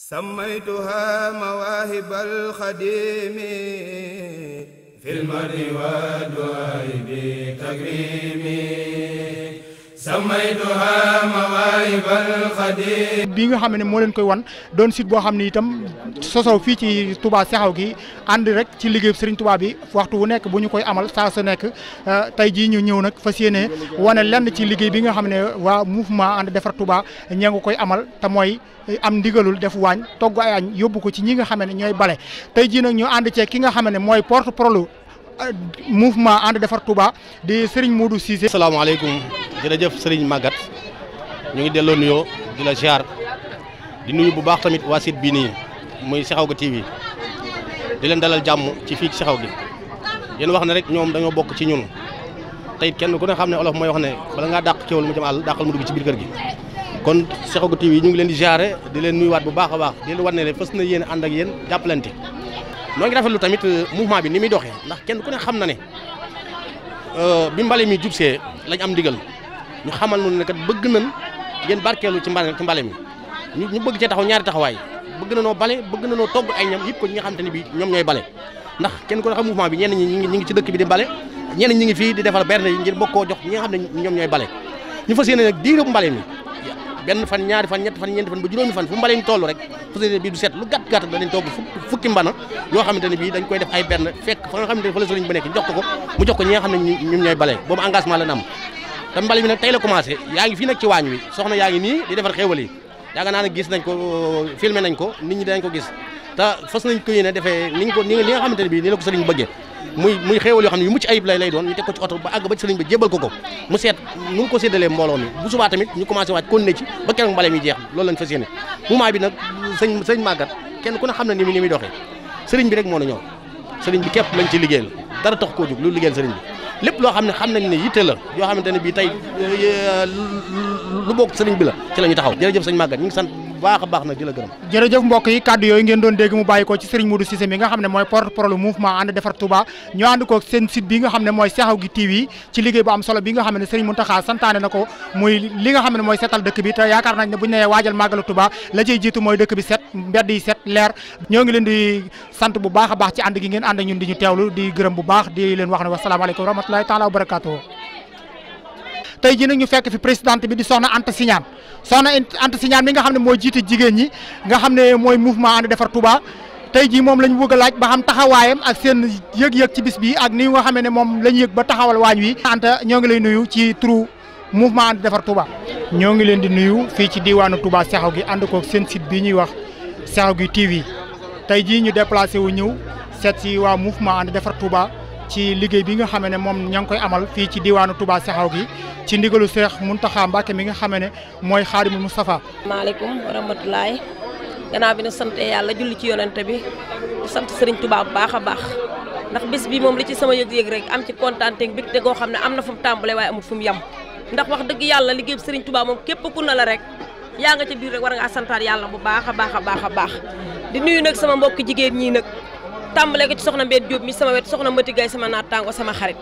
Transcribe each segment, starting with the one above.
سميتها مواهب الخديم في المرء والدعاء بتكريمي bi nga xam ne moo leen koy wan doon site boo xam ne itam sosoo fii ci tubaa Seexaw gi ànd rek ci liggéeyu Serigne Touba bi waxtu wu nekk bu ñu koy amal saa su nekk euh, tey jii ñu ñëw nag fas yéene wane lenn ci liggéey bi nga xam ne waa mouvement ànd defar Touba ña ngi koy amal te mooy euh, am ndigalul def waañ togg ay añ yóbbu ko ci ñi nga xam ne ñooy bale tey jii nag ñu ànd cee ki nga xam ne mooy porte-parole euh, mouvement ànd defar Touba di Serigne Modou Cissé. salaamaaleykum. jërëjëf sëriñ Maguette ñu ngi delloo nuyoo di la ziar di nuyu bu baax tamit waa site bii nii muy Sekhawgui ga TV di leen dalal jàmm ci fii ci Sekhawgui yenn wax ne rek ñoom dañoo bokk ci ñun teyit kenn ku ne xam ne olof mooy wax ne bala ngaa dàq kéwal mu jëm àll dàqal mu dugg ci biir kër gi kon Sekhawgui TV yi ñu ngi leen di ziare di leen nuyuwaat bu baax a baax di leen wan ne leen fas na yéen ànd ak yéen jàppalante noo ngi rafetlu tamit euh, mouvement bi ni muy doxee ndax kenn ku xam na ne euh, bi mbale mi jubsee lañ am ndigal ñu xamal nu ne kat bëgg nañ yeen barkelu ci mbalé ci mbalé mi ñu ñu bëgg ci taxaw ñaari taxaway bëgg nañu balé bale bëgg nañu togg ay ñam yépp ko ñi xamanteni bi ñom ñoy bale ndax kenn ko xam mouvement bi ñen ñi ñi ngi ci dëkk bi di bale ñen ñi ngi fi di defal berne ngir bokko jox ñi nga ñom ñoy balé bale ñu fassiyene nak diiru mbalé mbale mi benn fan ñaari fan ñett fan ñent fan bu juroomi fan fu mbalé mi tollu rek fassiyene bi du set lu gatt gàtt danañ togg fukki mbana yo xamanteni bi dañ koy def ay berne fekk fa nga xamanteni fa la sëriñ bu nekk jox ko ko mu jox ko ñi nga ñom ñoy balé bo bale engagement la am te mbal mi nag tey la commencé yaangi fi nak ci wañu wi soxna yaangi ni di defar xewali yi yaakaar gis nañ ko filmé nañ ko nit ñi dañ ko gis ta fas nañ ko yene defé ni ko ni nga xamanteni bi ni la ko serigne bëgge muy muy xewal yo xamni yu mucc ayib lay lay doon ñu tek ko ci auto ba ag ba serigne bi jébal ko ko mu sét nu ko sédalé mbolo mi bu suba tamit ñu commencé waaj kon ne ci ba keroog mbale mi jeex loolu lañ fas yéene ma bi nak serigne serigne magat kenn ku na xamna ni mi ni mi doxé serigne bi rek mo na ñëw serigne bi képp lañ ci liggéeyal dara tax ko juk lu liggéeyal serigne bi lépp loo xam ne xam nañ ne yitte la yoo xamante ne bii tey lu bokk sëriñ bi la ci la ñu taxaw jërëjëf sañ Maguette ñu ngi sant bu baax a baax nag di la gërëm jërëjëf mbokk yi kaddu yooyu ngeen doon dégg mu bàyyi ko ci Serigne Modou Cissé mi nga xam ne mooy porte parole mouvement ànd defar Touba ñu ànd ko seen site bi nga xam ne mooy Seexaw gi TV ci liggéey bu am solo bi nga xam ne Serigne Mountakha santaane na ko muy li nga xam ne mooy setal dëkk bi te yaakaar nañ ne bu ñu nee waajal màggalu Touba la ciy jiitu mooy dëkk bi set mbedd yi set leer ñoo ngi leen di sant bu baax a baax ci ànd gi ngeen ànd ñun di ñu teewlu di gërëm bu baax di leen wax ne wasalaamaaleykum wa rahmatulahi taala wa barakatuh tay ji nak ñu fekk fi présidente bi di soxna Anta signal soxna Anta signal mi nga xamne moy jité jiite ñi nga xamne moy mouvement and défar Touba tay ji mom la bëgg a laaj ba xam taxawayam ak seen yëg-yëg ci bis bi ak ni nga xamne mom moom la ba taxawal waañ wi Anta ñoo ngi lay nuyu ci trou mouvement and défar Touba ñoo ngi leen di nuyu fi ci diwanu Touba Seexaw gi ànd koog seen site bi ñuy wax Seexaw gi TV tay ji ñu déplacer wu ñew set ci wa mouvement and défar Touba ci liggéey bi nga xamee ne moom ña ngi koy amal fii ci diwaanu Touba Saxaw gi ci ndigalu Cheikh Mountakha Mbacké mi nga xamee ne mooy Xaadimul Moustapha. maaleykum wa rahmatulaay gannaaw bi ñu sant yàlla julli ci yonente bi di sant Serigne Touba bu baax a baax ndax bis bi moom li ci sama yëg-yëg rek am ci kontaan te mbégte goo xam ne am na fu mu tàmbalee waaye amul fu mu yem ndax wax dëgg yàlla liggéey sëriñ Touba moom képp ku na la rek. yaa nga ca biir war ngaa santaat yàlla bu baax a baax a baax a tàmbalee ci soxna Mbène Diop mi sama wet soxna Mati Gaye sama naataango sama xarit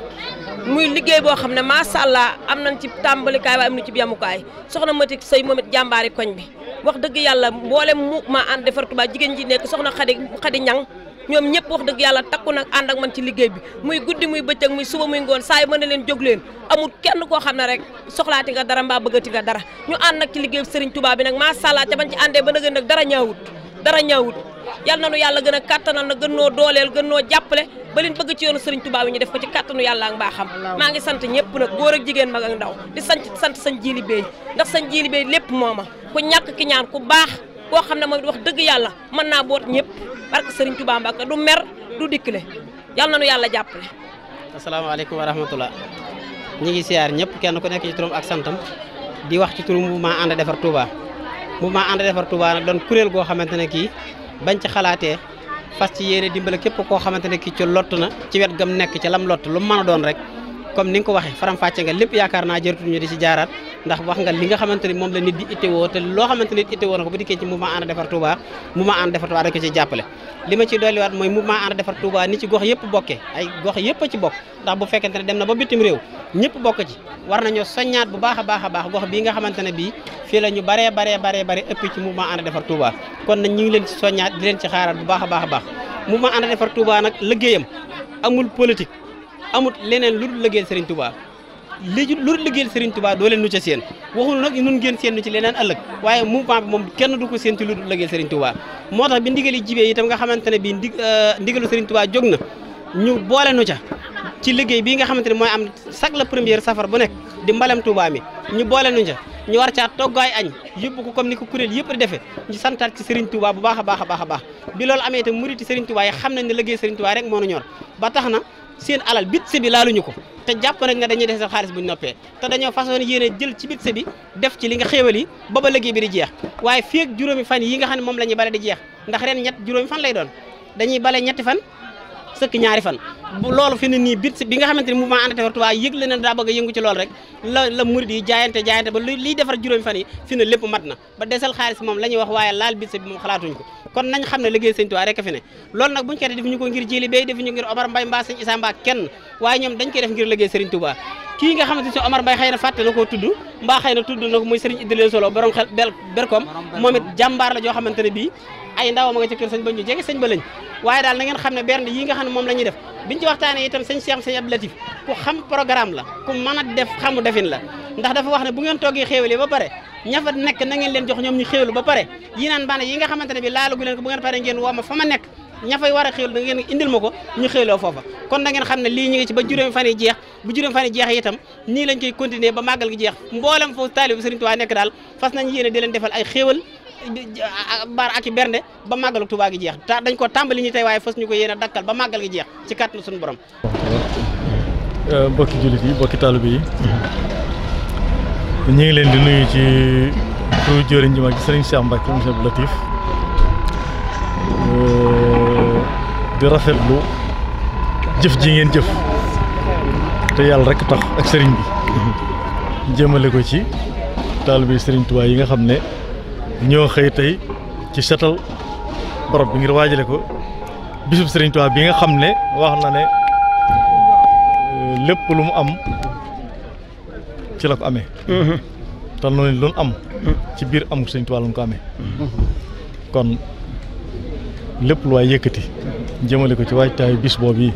muy liggéey boo xam ne macha allah am nañ ci tàmbalikaay waaye am na ci yemukaay soxna Mati Sey moom it jàmbaari koñ bi wax dëgg yàlla mboolem mu ma ànd defar Touba jigéen ji nekk soxna Xadi Xadi Ñang ñoom ñëpp wax dëgg yàlla takku nag ànd ak man ci liggéey bi muy guddi muy bëccëg muy suba muy ngoon saa yi mën na leen jóg leen amul kenn koo xam ne rek soxlaati nga dara mbaa bëggati nga dara ñu ànd nag ci liggéey Serigne bi nag macha allah ca bañ ci àndee ba nag dara ñaawut dara ñaawut yal na nu yalla gën a na gën dolel dooleel jappalé ba leen bëgg ci yoonu Serigne Touba bi ñu def ko ci katanu yalla ak baaxam ma ngi sant ñepp nak goor ak jigen mag ak ndaw di sant sant sañ jili bey ndax sañ jili bey lepp moma ku ñak ki ñaan ku bax ko xamne ne wax dëgg yalla man na boot ñepp barke Serigne Touba mbaka du mer du diklé yalla na nu jappalé assalamu alaykum wa rahmatullah ñi ngi siar ñepp kenn ku nekk ci turum ak santam di wax ci bu ma and defar Touba ma and defar Touba nak don kurel go xamantene ki bañ ci xalaatee fas ci yéene dimbale képp koo xamante ne kii ci lott na ci wet gam nekk ci lam lott lu mu mën a doon rek comme ni nga ko waxee faram-fàcce nga lépp yaakaar naa jërëtul ñu di ci jaaraat ndax wax nga li nga xamante moom la nit di itteewoo te loo xamante ni itteewoo na ko bu dikkee ci mouvement ànd defar Touba mouvement ànd defar Touba da ko ci jàppale li ma ci mooy mouvement ànd defar Touba ni ci gox yëpp bokkee ay gox yëpp ci bokk ndax bu fekkente ne dem na ba bitim réew ñëpp bokk ci war nañoo soññaat bu baax a baax a baax gox bii nga xamante ne bii fii la ñu baree baree baree baree ëpp ci mouvement ànd defar Touba kon nag ñu ngi leen ci soññaat di leen ci xaaraat bu baax a baax a baax mouvement ànd defar Touba nag liggéeyam amul politique amut leneen lu dul liggéeyal Serigne Touba li lu dul liggéeyal Serigne Touba doo leen nu ca seen waxuñu nag nun ngeen seen nu ci leneen ëllëg waaye mouvement bi moom kenn du ko seen ci lu dul liggéeyal Serigne Touba moo tax bi ndigali jibee itam nga ne bi ndi euh, ndigalu Serigne Touba jóg na ñu boole nu ca ci liggéey bii nga xamante ne mooy am chaque la première safar bu nekk di mbalem Touba ñu boole nu ca ñu war caa toggaay añ yóbbu ko comme ni ko kuréel yëpp di defee ñu santaat ci Serigne Touba bu baax a baax a baax a baax bi loolu amee itam muriti Serigne Touba yi xam rek moo nu ñor ba seen alal bitse bi laaluñu ko te jàpp nag na dañuy desal xaalis buñ noppee te dañoo façon yéene jël ci bitse bi def ci li nga xéewal yi ba ba liggéey bi di jeex waaye fii juróomi fan yi nga xam ne moom la ñuy bale di jeex ndax ren ñett juróomi fan lay doon dañuy bale ñetti fan sëkk ñaari fan loolu fi ne nii bit bi nga xamante ni mouvement And Defar Touba yëgle na daa bëgg a yëngu ci loolu rek la la yi jaayante jaayante ba liy defar juróomi fan yi fi ne lépp mat na ba desal xaalis moom la wax waaye laal bit bi moom xalaatuñ ko kon nañ xam ne liggéey sëñ Touba rek fi ne loolu nag buñu koy def defuñu ko ngir jili bay defuñu ngir Omar Mbaye mbaa sëñ Issa Mbaa kenn waaye ñoom dañ koy def ngir liggéey sëriñ waaye daal na ngeen xam ne bernde yi nga xam ne moom la ñuy def biñ ci waxtaanee itam sëñ Cheikh sëñ Latif ku xam programme la ku mën a def xamu defin la ndax dafa wax ne bu ngeen toogee xéewale ba pare ña fa nekk na ngeen leen jox ñoom ñu xéewlu ba pare yi naan bane yi nga xamante ne bi laalagu leen ko bu ngeen pare ngeen woo ma fa ma nekk ña war a xéewlu da ngeen indil ma ko ñu xéewloo foofa kon da ngeen xam ne lii ñu ngi ci ba juróomi fan nii lañ koy continuer ba gi jeex mboolem foofu taalibu Sëriñ nekk daal fas nañ yéene di leen defal ay bar ak bernde ba magal Tuubaa gi jeex ta dañ ko tambali ni tay waaye fess ñuko yena yéen dakkal ba magal gi jeex ci kàttanu sun borom euh mbokki julit yi mbokki taalibe yi ñu ngi leen di nuyu ci ko jëriñ ji ma ci serigne Cheikh Mbacke monsieur Abdou Latif euh di rafetlu jëf ji ngeen jëf te yalla rek tax ak serigne bi jëmele ko ci taalibe serigne Tuubaa yi nga xamne ñoo xëy tey ci setal barab bi ngir waajale ko bisub Sëriñ Tuubaa bi nga xam ne wax na ne euh, lépp lu mu am ci la ko amee mhm. te noonu lu am mhm. ci biir am ko Sëriñ lu mu ko amee kon lépp lu waay yëkkati jëmale ko ci waajtaayu bis boobu yi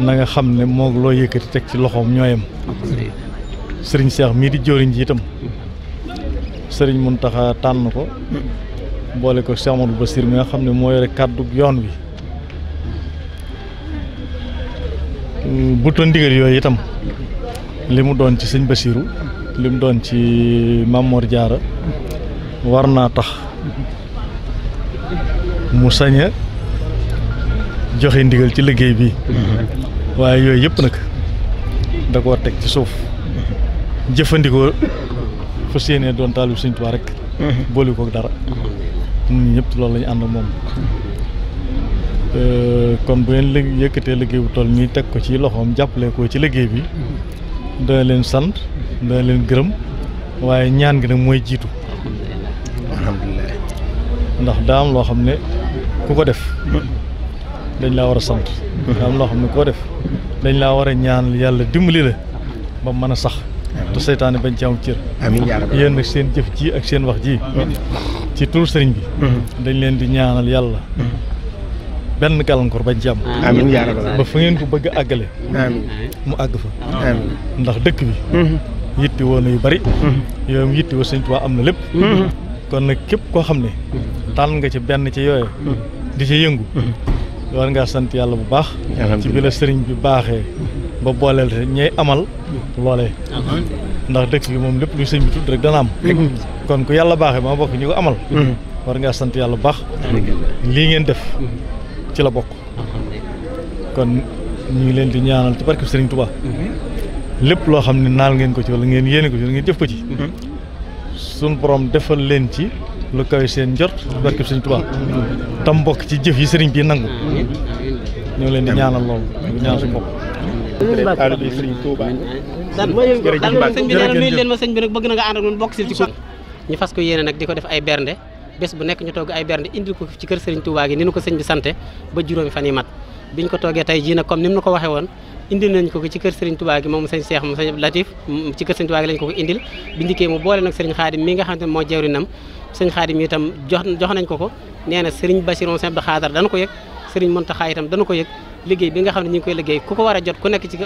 na nga xam ne moog loo yëkkati teg ci loxoom ñooyam sëriñ Seex mii di jóoriñ ji itam sëriñ mun Mountakha tànn ko boole ko Cheikh Amadou Bassir mi nga xam ne moo yore kàddu yoon wi buta ndigal yooyu itam li mu doon ci sëñ Bassirou li mu doon ci Mamor Diarra war naa tax mu sañ a joxe ndigal ci liggéey bi waaye yooyu yëpp nag da koo teg ci suuf jëfandikoo fassiyene don doon seigne touba rek boole ko dara ñun ñepp loolu lañu mom euh kon bu ngeen léegi liggéey bu toll nii tek ko ci loxom jappalé ko ci liggéey bi da leen sante da leen gërëm waye ñaan gi nak moy jitu alhamdullilah ndax daa am loo xam ne ku ko def dañ la wara sante sant daa am loo xam ko def dañ la wara ñaan yalla dimbali la ba mëna sax te seytaane bañ ci am cër yéen seen jëf ji ak seen wax ji ci turu sëriñ bi mm-hmm. dañ leen di ñaanal yàlla mm-hmm. benn gàllankoor bañ ci am ba fa ngeen ko bëgg a àggale mu àgg fa ndax dëkk bi mm-hmm. yitti woo yu bari yooyu yitti woo sëñ Tuubaa am na lépp kon nag képp koo xam ne tànn nga ci benn ci yooyu di ci yëngu war ngaa sant yàlla bu baax. ci bi la sëriñ bi baaxee. ba booleel ñey amal loolee. ndax dëkk bi moom lépp lu sëñ bi tudd rek dana am. kon ku yàlla baaxee maa bokk ñu ko amal. war ngaa sant yàlla bu baax. lii ngeen def ci la bokk. kon ñu ngi leen di ñaanal ci barke Sëriñ Tuubaa lépp loo xam ne naal ngeen ko ci wala ngeen yéene ko ci wala ngeen jëf ko ci. suñ borom defal leen ci lu kawe seen njort barke Sëriñ Tuubaa tam bokk ci jëf yi sëriñ bi nangu ñu ngi leen sëñ bi nee na leen ma sëñ bi nag bëgg na nga ànd ak ñun bokk si ci kon ñu fas ko yéene nag di ko def ay bernde bés bu nekk ñu togg ay bernde indil ko ci kër Sëriñ Tuubaa gi ni nu ko sëñ bi sante ba juróomi fan yi mat ñu ko toogee tey jii nag comme ni mu ko waxee woon indil nañ ko ko ci kër Serigne Touba gi moom sëñ Cheikh moom sëñ Latif ci kër Serigne Touba gi lañ ko ko indil bi ndikkee mu boole nag Serigne Khadim nga xam moo jawrinam sëñ Khadim itam jox jox nañ ko ko nee na Serigne Bassirou sëñ Abdou Khadar dana ko yëg Serigne Mountakha itam dana ko bi nga xam ne ñu ngi koy liggéey ku ko war a jot ku nekk ci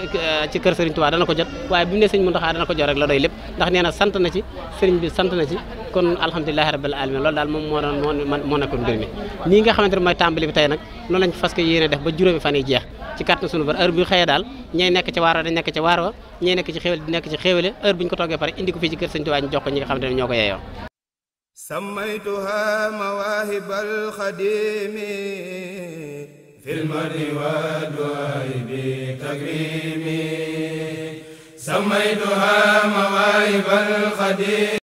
ci kër Serigne Touba dana ko jot waaye bi mu ne Serigne Mountakha dana ko jot rek la doy lépp ndax nee na sant na ci Serigne bi sant na ci kon alhamdulilahi rabbil alamin loolu daal moom moo doon moo nekkoon mbir mi nii nga xamante ne mooy tàmbali bi tey nag noonu lañ fas ko def ba juróomi fan yi jeex ci kàttan sunu bar heure bu xëyee daal ñey nekk ci waar wa dañ nekk ci waar wa ñey nekk ci xéwal di nekk ci xéwale heure bu ñu ko toggee pare indi ko fii ci kër Sëñ Tuubaa jox ko ñi ko yeeyoo sammaytuha mawaahibal xadiimi